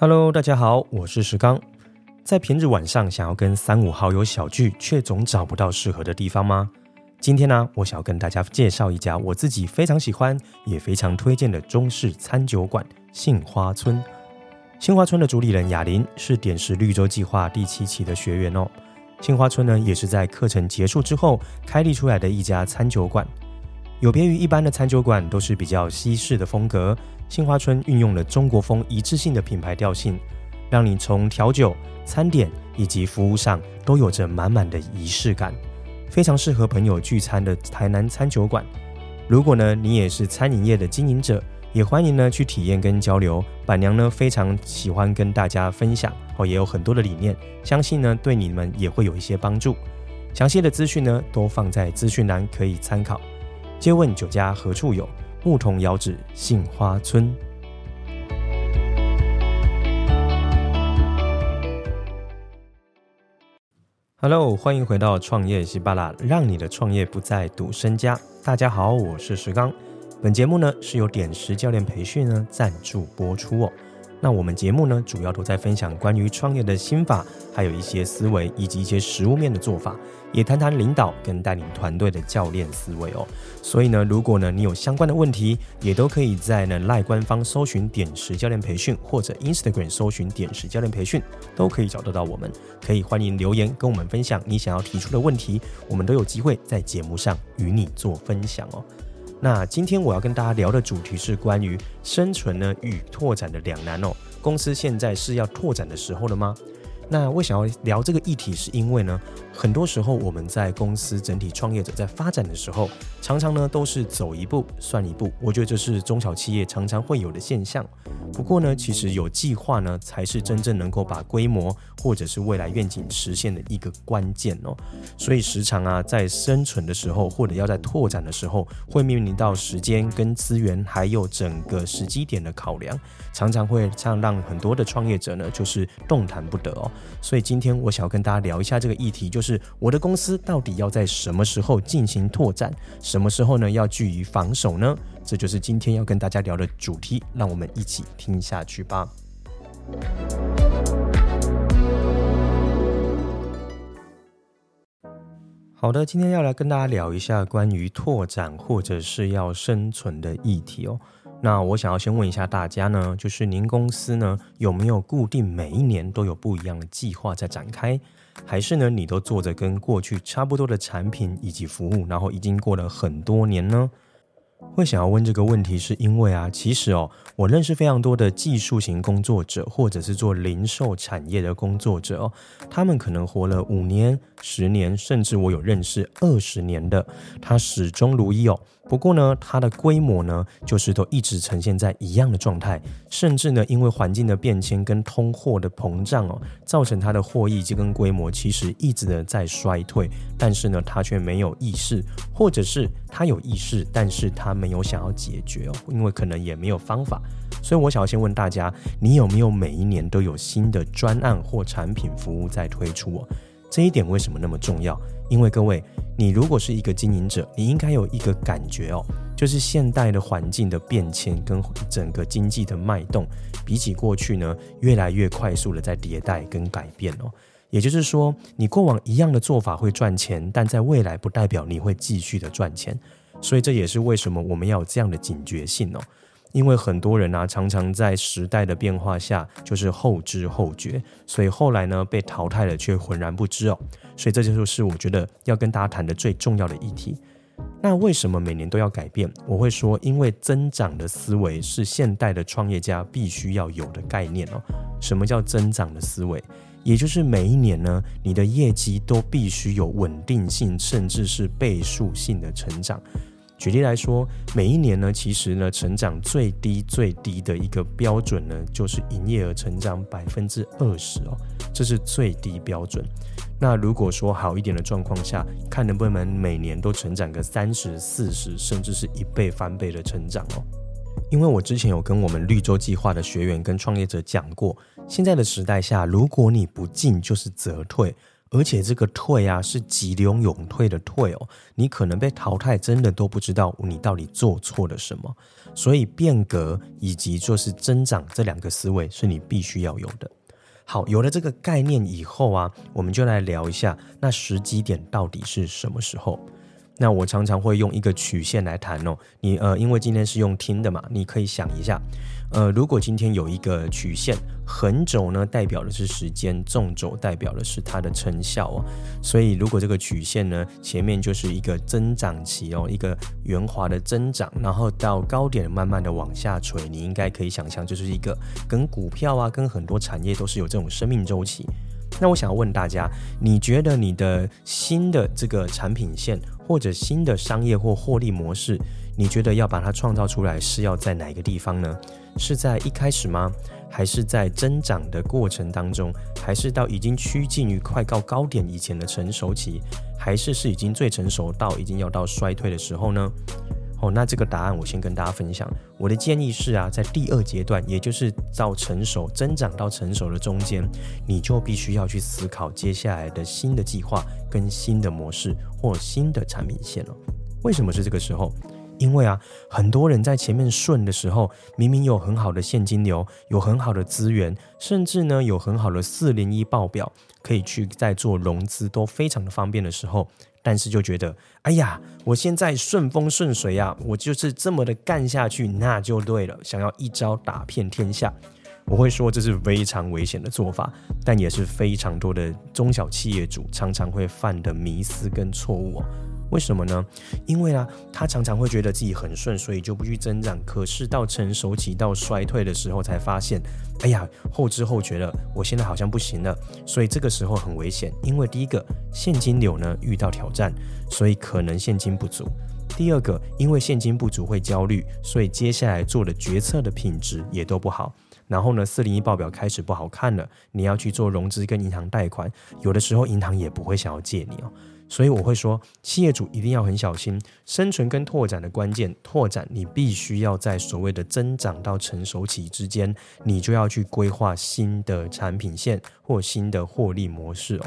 Hello，大家好，我是石剛。在平日晚上想要跟三五好友小聚，卻總找不到適合的地方嗎？今天呢、啊，我想要跟大家介紹一家我自己非常喜歡也非常推薦的中式餐酒館——杏花村。杏花村的主理人雅琳是點拾綠洲計劃第七期的學員哦。杏花村呢，也是在課程結束之後開立出來的一家餐酒館。有別於一般的餐酒館，都是比較西式的風格。杏花村運用了中國風一致性的品牌調性，讓你從調酒、餐點以及服務上都有着滿滿的儀式感，非常適合朋友聚餐的台南餐酒館。如果呢，你也是餐飲業的經營者，也歡迎呢去體驗跟交流。板娘呢非常喜歡跟大家分享，哦，也有很多的理念，相信呢對你們也會有一些幫助。詳細的資訊呢都放在資訊欄，可以參考。借問酒家何處有？牧童遙指杏花村。Hello，歡迎回到創業西巴拉，讓你的創業不再賭身家。大家好，我是石剛。本節目呢是由點拾教練培訓呢贊助播出哦。那我們節目呢，主要都在分享關於創業的心法，還有一些思維，以及一些實務面的做法，也談談領導跟帶領團隊的教練思維哦。所以呢，如果呢你有相關的問題，也都可以在呢賴官方搜尋點拾教練培訓，或者 Instagram 搜尋點拾教練培訓，都可以找得到我們。可以歡迎留言跟我們分享你想要提出的問題，我們都有機會在節目上與你做分享哦。那今天我要跟大家聊的主題是關於生存呢與拓展的兩難哦。公司現在是要拓展的時候了嗎？那我想要聊這個議題，是因為呢，很多時候我們在公司整體創業者在發展的時候，常常呢都是走一步算一步。我覺得這是中小企業常常會有的現象。不過呢，其實有計劃呢，才是真正能夠把規模或者是未來願景實現的一個關鍵哦。所以時常啊，在生存的時候或者要在拓展的時候，會面臨到時間跟資源還有整個時機點的考量，常常會這樣，讓很多的創業者呢就是動彈不得哦。所以今天我想要跟大家聊一下這個議題，就是我的公司到底要在什麼時候進行拓展，什麼時候呢要居於防守呢？這就是今天要跟大家聊的主題，讓我們一起聽下去吧。好的，今天要來跟大家聊一下關於拓展或者是要生存的議題哦。那我想要先問一下大家呢，就是您公司呢有沒有固定每一年都有不一樣的計劃在展開，還是呢你都做着跟過去差不多的產品以及服務，然後已經過了很多年呢？會想要問這個問題，是因為啊，其實哦，我認識非常多的技術型工作者，或者是做零售產業的工作者哦，他們可能活了五年、十年，甚至我有認識二十年的，他始終如一哦。不過呢，它的規模呢，就是都一直呈現在一樣的狀態，甚至呢，因為環境的變遷跟通貨的膨脹哦，造成它的獲益就跟規模其實一直的在衰退，但是呢，它卻沒有意識，或者是它有意識，但是它沒有想要解決哦，因為可能也沒有方法。所以，我想要先問大家，你有沒有每一年都有新的專案或產品服務在推出哦？這一點為什麼那麼重要？因為各位，你如果是一個經營者，你應該有一個感覺哦，就是現代的環境的變遷跟整個經濟的脈動，比起過去呢，越來越快速的在迭代跟改變哦。也就是說，你過往一樣的做法會賺錢，但在未來不代表你會繼續的賺錢。所以這也是為什麼我們要有這樣的警覺性哦。因為很多人啊，常常在時代的變化下就是後知後覺，所以後來呢被淘汰了卻渾然不知哦。所以這就是我覺得要跟大家談的最重要的議題。那為什麼每年都要改變？我會說，因為增長的思維是現代的創業家必須要有的概念哦。什麼叫增長的思維？也就是每一年呢，你的業績都必須有穩定性，甚至是倍數性的成長。舉例來說，每一年呢，其實呢，成長最低最低的一個標準呢，就是營業額成長百分之二十哦，這是最低標準。那如果說好一點的狀況下，看能不能每年都成長個三十、四十，甚至是一倍、翻倍的成長哦。因為我之前有跟我們綠洲計劃的學員跟創業者講過，現在的時代下，如果你不進就是則退。而且這個退啊，是急流勇退的退哦，你可能被淘汰，真的都不知道你到底做錯了什麼。所以變革以及就是增長這兩個思維是你必須要有的。好，有了這個概念以後啊，我們就來聊一下，那時機點到底是什麼時候？那我常常會用一個曲線來談哦，你呃，因為今天是用聽的嘛，你可以想一下，呃，如果今天有一個曲線，橫軸呢代表的是時間，縱軸代表的是它的成效哦。所以如果這個曲線呢，前面就是一個增長期哦，一個圓滑的增長，然後到高點慢慢的往下垂，你應該可以想象，就是一個跟股票啊，跟很多產業都是有這種生命週期。那我想要問大家，你覺得你的新的這個產品線，或者新的商業或獲利模式，你覺得要把它創造出來，是要在哪個地方呢？是在一開始嗎？還是在增長的過程當中？還是到已經趨近於快到高點以前的成熟期？還是是已經最成熟到已經要到衰退的時候呢？哦，oh, 那這個答案我先跟大家分享。我的建議是啊，在第二階段，也就是到成熟增長到成熟的中間，你就必須要去思考接下來的新的計劃、跟新的模式或新的產品線了、哦。為什麼是這個時候？因為啊，很多人在前面順的時候，明明有很好的現金流、有很好的資源，甚至呢有很好的401報表，可以去再做融資都非常的方便的時候。但是就覺得，哎呀，我現在順風順水啊，我就是這麼的幹下去，那就對了。想要一招打遍天下，我會說這是非常危險的做法，但也是非常多的中小企業主常常會犯的迷思跟錯誤哦。為什麼呢？因為啊，他常常會覺得自己很順，所以就不去增長。可是到成熟期到衰退的時候，才發現，哎呀，後知後覺了，我現在好像不行了。所以這個時候很危險，因為第一個現金流呢遇到挑戰，所以可能現金不足；第二個，因為現金不足會焦慮，所以接下來做的決策的品質也都不好。然後呢，四零一報表開始不好看了，你要去做融資跟銀行貸款，有的時候銀行也不會想要借你哦。所以我會說，企業主一定要很小心，生存跟拓展的關鍵，拓展你必須要在所謂的增長到成熟期之間，你就要去規劃新的產品線或新的獲利模式哦。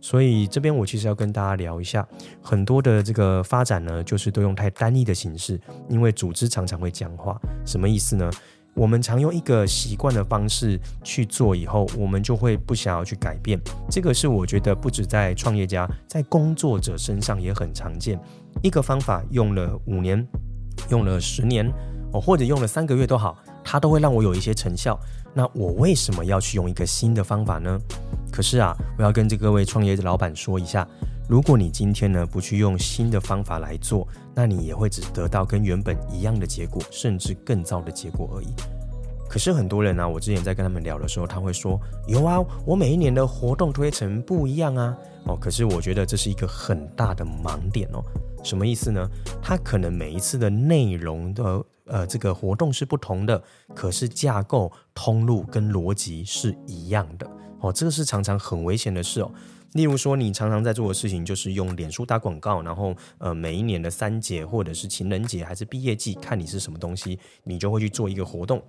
所以這邊我其實要跟大家聊一下，很多的這個發展呢，就是都用太單一的形式，因為組織常常會僵化，什麼意思呢？我們常用一個習慣的方式去做，以後我們就會不想要去改變。這個是我覺得不止在創業家，在工作者身上也很常見。一個方法用了五年，用了十年，哦，或者用了三個月都好，它都會讓我有一些成效。那我為什麼要去用一個新的方法呢？可是啊，我要跟這各位創業的老闆說一下。如果你今天呢，不去用新的方法來做，那你也會只得到跟原本一樣的結果，甚至更糟的結果而已。可是很多人呢、啊，我之前在跟他們聊的時候，他會說：“有啊，我每一年的活動推陳不一樣啊。”哦，可是我覺得這是一個很大的盲點哦。什麼意思呢？他可能每一次的內容的呃這個活動是不同的，可是架構、通路跟邏輯是一樣的哦。這個是常常很危險的事哦。例如說，你常常在做的事情就是用臉書打廣告，然後呃，每一年的三節或者是情人節還是畢業季，看你是什麼東西，你就會去做一個活動。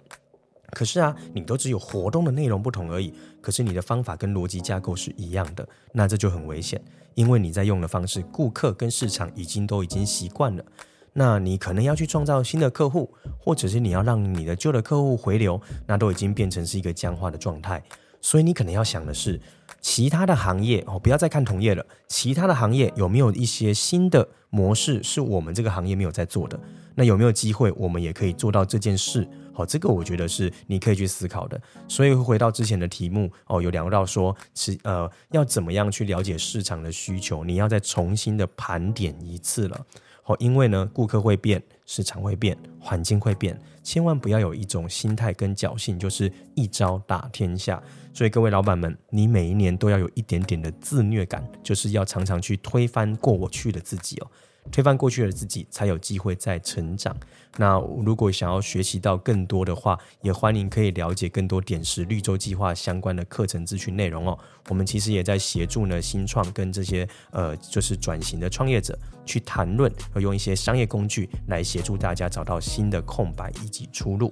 可是啊，你都只有活動的內容不同而已，可是你的方法跟邏輯架，架構是一樣的，那這就很危險，因為你在用的方式，顧客跟市場已經都已經習慣了，那你可能要去創造新的客戶，或者是你要讓你的舊的客戶回流，那都已經變成是一個僵化的狀態，所以你可能要想的是。其他的行業哦，不要再看同業了。其他的行業有沒有一些新的模式是我們這個行業沒有在做的？那有沒有機會我們也可以做到這件事？好，這個我覺得是你可以去思考的。所以回到之前的題目哦，有聊到說，是呃，要怎麼樣去了解市場的需求？你要再重新的盤點一次了。哦，因為呢，顧客會變，市場會變，環境會變，千萬不要有一種心態跟僥幸，就是一招打天下。所以各位老板們，你每一年都要有一點點的自虐感，就是要常常去推翻過去的自己哦。推翻過去的自己，才有機會再成長。那如果想要學習到更多的話，也歡迎可以了解更多“點拾綠洲計劃”相關的課程資訊內容哦。我們其實也在協助呢新創跟這些呃就是轉型的創業者，去談論和用一些商業工具來協助大家找到新的空白以及出路。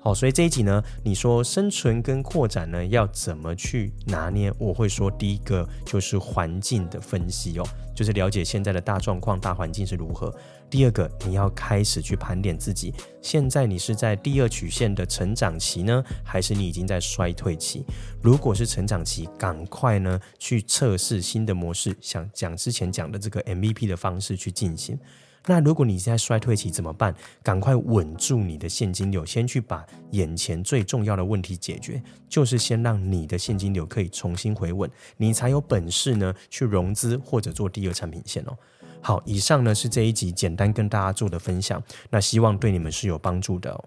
好、哦，所以這一集呢，你說生存跟擴展呢，要怎麼去拿捏？我會說，第一個就是環境的分析哦，就是了解現在的大狀況、大環境是如何。第二個，你要開始去盤點自己，現在你是在第二曲線的成長期呢，還是你已經在衰退期？如果是成長期，趕快呢去測試新的模式，像講之前講的這個 MVP 的方式去進行。那如果你現在衰退期怎麼辦？趕快穩住你的現金流，先去把眼前最重要的問題解決，就是先讓你的現金流可以重新回穩，你才有本事呢去融資或者做第二產品線哦。好，以上呢是這一集簡單跟大家做的分享，那希望對你們是有幫助的哦。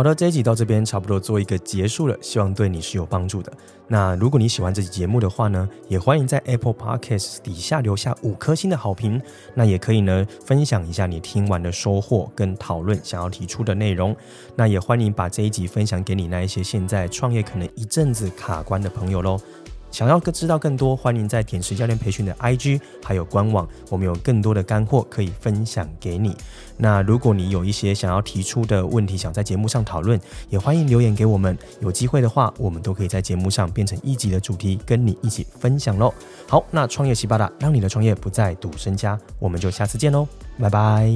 好的，這一集到這邊差不多做一個結束了，希望對你是有幫助的。那如果你喜歡這期節目的話呢，也歡迎在 Apple Podcast 底下留下五顆星的好評。那也可以呢，分享一下你聽完的收穫跟討論，想要提出的內容。那也歡迎把這一集分享給你那一些現在創業可能一陣子卡關的朋友嘍。想要更知道更多，歡迎在點拾教練培訓的 IG 還有官網，我們有更多的乾貨可以分享給你。那如果你有一些想要提出的問題，想在節目上討論，也歡迎留言給我們。有機會的話，我們都可以在節目上變成一集的主題，跟你一起分享嘍。好，那創業十八大，讓你的創業不再賭身家，我們就下次見嘍，拜拜。